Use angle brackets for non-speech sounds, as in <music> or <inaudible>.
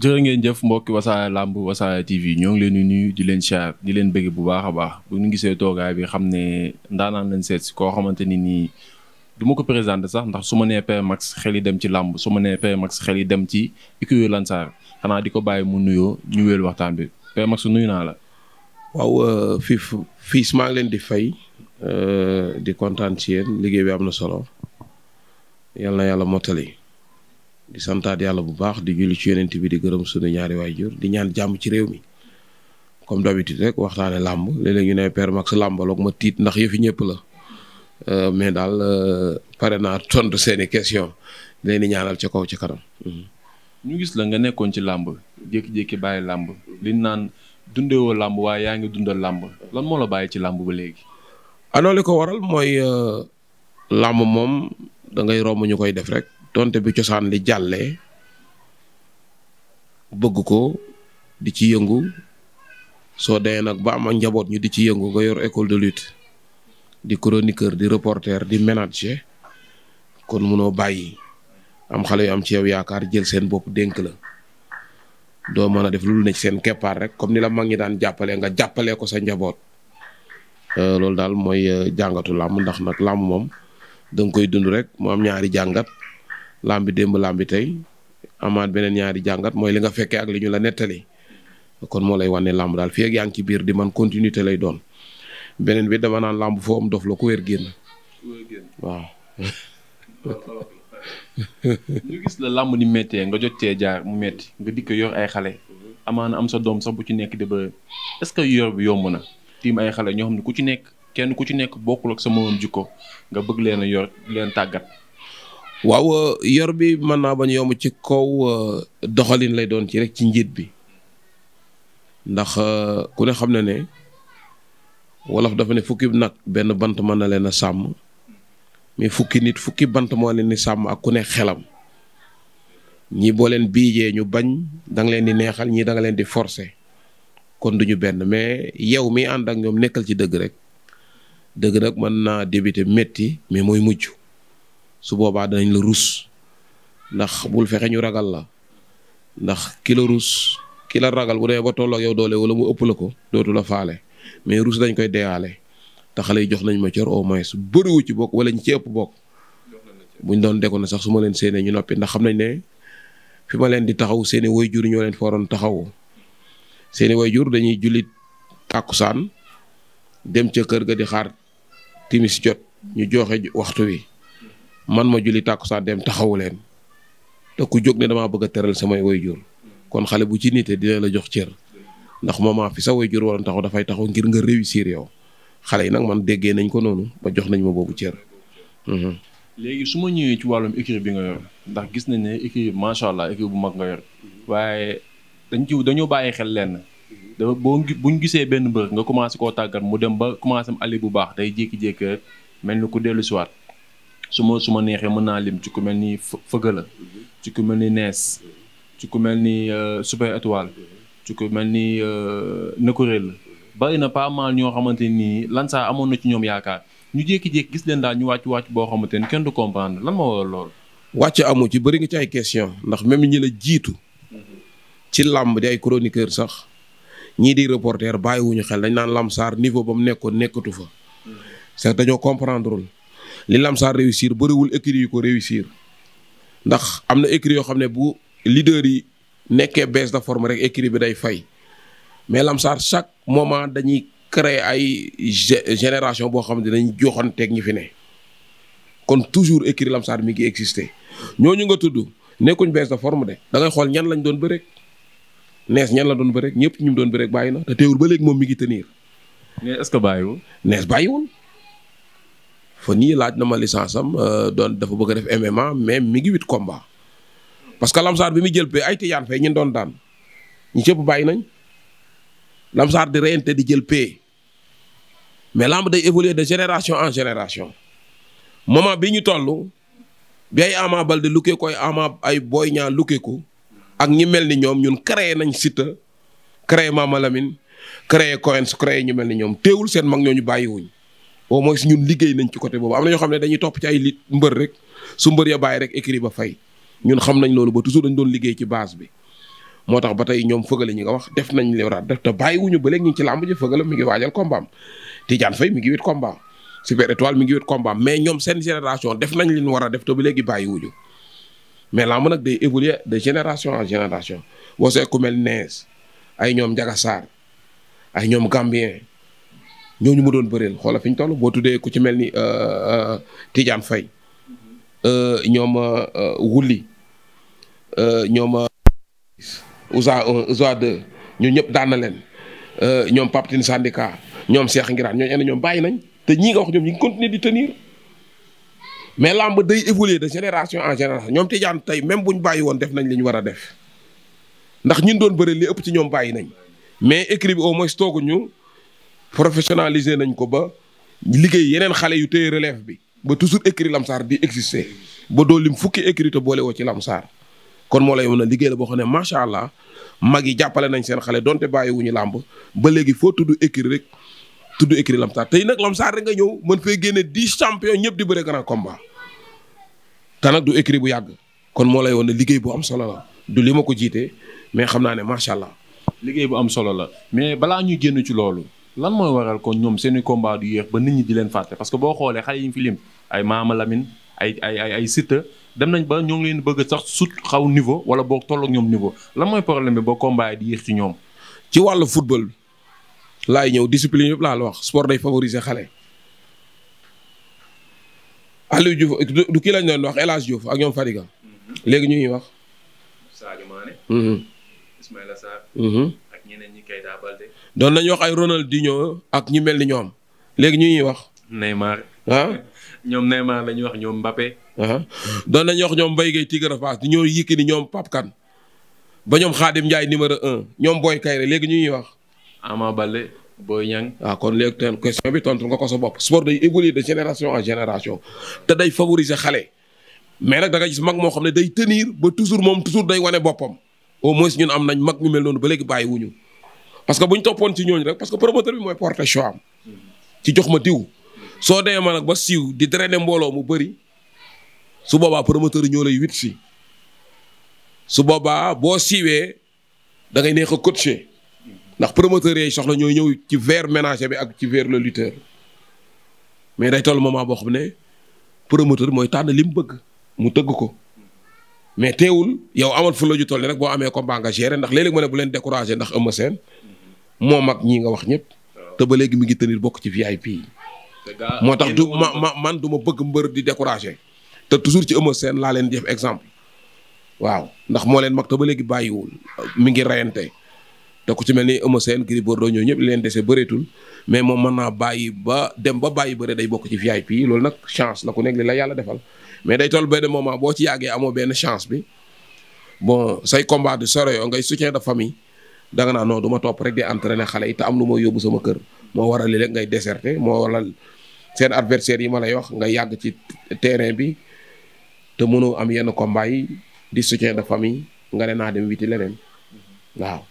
jërë ngeen jëf mbokki wasaare làmb wasaare TV ñoo ngi leen di nuyu di leen siyaar di leen bëgg bu baax a baax bu ñu gisee toogaay bi xam ne ndaanaan lañ seet si koo xamante ni nii duma ko présenté sax ndax su ma nee Père xel yi dem ci làmb su ma nee Père xel yi dem ci écurie Lansar xanaa di ko bàyyi mu nuyoo ñu wéel waxtaan bi Père Max nuyu naa la. waaw euh, fii fii maa ngi leen di fay euh, di kontaan ci yéen liggéey bi am na solo yal na yàlla mottali. di santaat yàlla bu baax di julli ci yonent bi di gërëm sunu ñaari waajur di ñaan jàmm ci réew mi comme d'habitude rek waxtaane làmb léeg-léeg ñu ne Père Max làmbaloog ma tiit ndax yëfi ñëpp la euh, mais daal euh, pare naa tontu seeni question leen di ñaanal ca kaw ca kanam mhm. ñu gis la nga nekkoon ci làmb jékki-jékki bàyyi làmb li naan dundewoo làmb waaye yaa ngi dundal làmb lan moo bàyyi ci làmb ba léegi anoo ah li ko waral mooy euh, làmb moom da ngay romb ñu koy def rek donte bi cosaan li jàllee bëgg ko di ci yëngu soo dee nag ba am ak njaboot ñu di ci yëngu nga yor école de lutte di chroniqueur di reporter di ménager kon munoo bàyyi am xale yu am ci yow yaakaar jël seen bopp dénk la doo mën a def lu ne seen keppaar rek comme ni la mag ñi daan jàppale nga jàppalee ko sa njaboot euh, loolu daal mooy euh, jàngatu làmb ndax nag làmb moom danga koy dund rek mu am ñaari jàngat làmbi démb làmbi tey amaat beneen ñaari jàngat mooy li nga fekkee ak li ñu la nettali kon moo lay wane làmb daal fi ak yaa ngi ci biir di man continuité lay doon beneen bi làmb foo am dof la ku wér génn waaw. <laughs> ñu gis la làmb ni méttee nga jottee cee jaar mu métti nga dikk yor ay xale amaana am sa doom sax bu ci nekk di ba est que yor bi yomb na tiim ay xale ñoo xam ne ku ci nekk kenn ku ci nekk bokkul ak sa moroom jikko nga bëgg leen a yor leen tàggat waaw euh, yor bi mën naa bañ yomb ci kow euh, doxalin lay doon ci rek ci njiit bi ndax euh, ku ne xam ne ne wolof dafa ne fukki nag benn bant mën na leen a sàmm mais fukki nit fukki bant moo leen di sàmm ak ku ne xelam ñii boo leen biijee ñu bañ danga leen di neexal ñii danga leen di forcer kon duñu benn mais yow mi ànd ak ñoom nekkal ci dëgg rek dëgg rek mën naa débuter métti mais mooy mujj. su boobaa danañ la ruus ndax bul fexe ñu ragal la ndax ki la rus ragal bu dee ba tolloog yow doole wala mu ëpp la ko dootu la faale mais rus dañ koy deyaale te xale yi jox nañ ma cër au moins bëriwu ci bokk wala ñu ci ëpp bokk buñ doon déggoon sax su ma leen séenee ñu noppi ndax xam nañ ne fi ma leen di taxaw seeni jur ñoo leen foo fooroon taxaw seeni jur dañuy jullit tàkkusaan dem ca kër ga di xaar timis jot ñu joxe waxtu wi man ma julli saa dem taxawu leen te ku jóg ne damaa bëgg a teral samay jur kon xale bu ci nite dina la jox cër ndax moment fi sa waajur waroon taxaw dafay taxaw ngir nga réussir yow xale yi nag man déggee nañ ko noonu ba jox nañ ma boobu cër. Mhm. léegi su ma ñëwee ci wàllum écurie bi nga yor ndax gis nañ ne écurie macha allah écurie bu mag nga yor waaye dañ ci dañoo bàyyi xel lenn. dafa boo bu ñu gisee benn mbër nga commencé koo tàggat mu dem ba commencé am ali bu baax day jékki-jékki mel ni ku dellu siwaat su ma su ma neexee mën naa lim ci ko mel ni Fëgala ci ku mel ni Nees ci ku mel ni euh, Super Étoile ci ko mel ni euh, Nëkkureel bari na pas mal ñoo xamante nii lan Lansar amoon na ci ñoom yaakaar ñu jékki-jékki gis leen daal ñu wàcc wàcc boo xamante ni kenn du comprendre lan moo waral wàcc amu ci bëri nga ci ay question ndax même ñi la jiitu ci làmb di ay chroniqueur sax ñii di reporter bàyyiwuñu xel dañ naan saar niveau ba mu nekkoon nekkatu fa. c'est mm. dañoo comprendrewul li Lamsaar réussir bëriwul écuries yu ko réussir ndax am na écuries yoo xam ne bu leader yi nekkee bees de forme rek écurie bi day fay mais Lamsaar chaque moment dañuy créer ay génération boo xam ne dañuy joxanteeg ñi fi ne kon toujours écurie Lamsaar mi ngi exister ñooñu nga tudd nekkuñ baisse de forme de da xool ñan lañ doon bërek nees ñan la doon bërek ñëpp ñu doon bërek bàyyi na te teewul ba léegi moom mi ngi tenir. mais est-ce que bàyyiwul. bàyyiwul. fa nii laaj na ma licence am euh, doon dafa bëgg def MMA mais mi ngi wit komba parce que lamsaar bi mu jël pay ay tijaan fay ñun doon daan ñu cëpp bàyyi nañ lamsaar di reyante di jël pay mais lamb de évoluer de génération en génération moment bi ñu toll bi ay Ama Baldé lukkee koy ay Boy Niang lukkee ko ak ñi mel ni ñoom ñun créé nañ Siteu créé Mama Lamine créé Coen su créé ñu mel ni ñoom teewul seen mag ñooñu bàyyiwuñ au moins ñun liggéey nañ ci côté boobu am na ñoo xam ne dañuy topp ci mbër rek su mbër ya bàyyi rek écrit ba fay ñun xam nañ loolu ba toujours dañ doon liggéey ci base bi moo tax ba tey ñoom fëgale ñi nga wax def nañ li war def te bàyyiwuñu ba léegi ñu ngi ci làmb ji fëgale mi ngi waajal combat mi ngi wét combat Super Étoile mi ngi wét mais ñoom seen génération def nañ li war a def te ba léegi bàyyiwuñu mais làmb nag day évoluer de génération en génération wasee ku mel nees ay ñoom Ndiaga Sarr ay ñoom Gambien ñooñu mu doon bëreel xoola fi ñu toll boo tuddee ku ci mel ni euh, euh, Tidiane Faye euh, ñoom Wuli ñoom Ousa Ousa 2 ñun ñëpp daan na leen ñoom Pape Tine Sandika ñoom seex Ngiraan ñooñu ànd ñoom bàyyi nañ te ñii nga wax ñoom ñu ngi continuer di tenir mais làmb day évoluer de génération en génération ñoom Tidiane tey même buñ bàyyi woon def nañ li ñu war a def ndax ñun doon bëri li ëpp ci ñoom bàyyi nañ mais écrit bi au moins tooguñu. professionnalisé nañ ko ba liggéey yeneen xale yu téye relève bi ba toujours écrit lamsaar bi exister ba doo lim fukki écrit boole woo ci lamsaar kon moo lay mën a liggéey boo xam ne macha allah mag yi jàppale nañ seen xale donte bàyyiwuñu làmb ba léegi foo tudd écrit rek tudd écrit lamsaar tey nag lamsaar rek nga ñëw mën fee génne dix champion ñëpp di bëre grand combat te du écrit bu yàgg kon moo lay woon liggéey bu am solo la du li ma ko jiite mais xam naa ne macha allah. liggéey bu am solo la mais balaa ñuy génn ci loolu. lan mooy waral kon ñoom seeni combat du yéex ba nit ñi di leen fàtte parce que boo xoolee xale yi ñu fi lim ay Maama Lamine ay ay ay ay dem nañ ba ñoo ngi leen bëgg sax sut xaw niveau wala boo tollook ak ñoom niveau lan mooy problème bi ba combat yi di yéex ci ñoom. ci wàllu football laay ñëw discipline yëpp laa la wax sport day favoriser xale. Aliou Diouf du kii lañ doon wax El Hadj Diouf ak ñoom Fadiga mm-hmm. léegi ñu ngi wax. doon nañu wax ay Ronaldinho ak ñu mel ni ñoom léegi ñu ñuy wax. Neymar. ah ñoom Neymar la ñuy wax ñoom Mbappé. doon nañu wax ñoom Mbaye Guèye Tigre Fass di ñoo Yékini ñoom papkan ba ñoom Khadim Ndiaye numéro un ñoom booy Kayre léegi ñu ñuy wax. Ama Baldé Boy Niang. waaw ah, kon léegi teen question bi tontu nga ko sa bopp sport day évoluer de génération en génération te day favoriser xale mais nag da nga gis mag moo xam ne day tenir ba toujours moom toujours day wane boppam au moins ñun am nañ mag ñu mel noonu ba léegi bàyyiwuñu parce que bu ñu toppoon ci ñooñu rek parce que promoteur bi mooy porté choix ci jox ma diw soo demee ma nag ba siiw di drainer mbooloo mu bëri su boobaa promoteur yi ñoo lay wit si su boobaa boo siiwee da ngay neex a coacher ndax promoteur yi soxla ñooy ñëw ci vers ménager bi ak ci vers le lutteur mais day toll moment boo xam ne promoteur mooy tànn li bëgg mu tëgg ko mais teewul yow amal fu la ju toll rek boo amee combat nga gérer ndax léeg-léeg ma ne bu leen décourager ndax Eumeu Sène moo mag ñii nga wax ñëpp. te ba léegi mu ngi tenir bokk ci VIP yi. moo tax du ma ma man du ma bëgg mbër di décourager. te toujours ci Eumeu Sène laa leen def exemple. waaw ndax moo leen mag te ba léegi bàyyiwul mi ngi rayante te ku ci mel ni Eumeu Sène Gris Bordeaux ñëw ñëpp leen dese bëreetul mais moom mën naa bàyyi ba dem ba bàyyi bëre day bokk ci VIP yi loolu nag chance la ku nekk li la yàlla defal mais day toll benn moment boo ci yàggee amoo benn chance bi bon say combat du sore yoo ngay soutien de famille. danga naa non du ma topp rek di entraîner xale yi te am lu ma yóbbu sama kër moo waral li rek ngay déserter moo waral seen adversaire yi ma lay wax nga yàgg ci terrain bi te mënoo am yenn combat yi di soutien de famille nga ne naa dem witi leneen waaw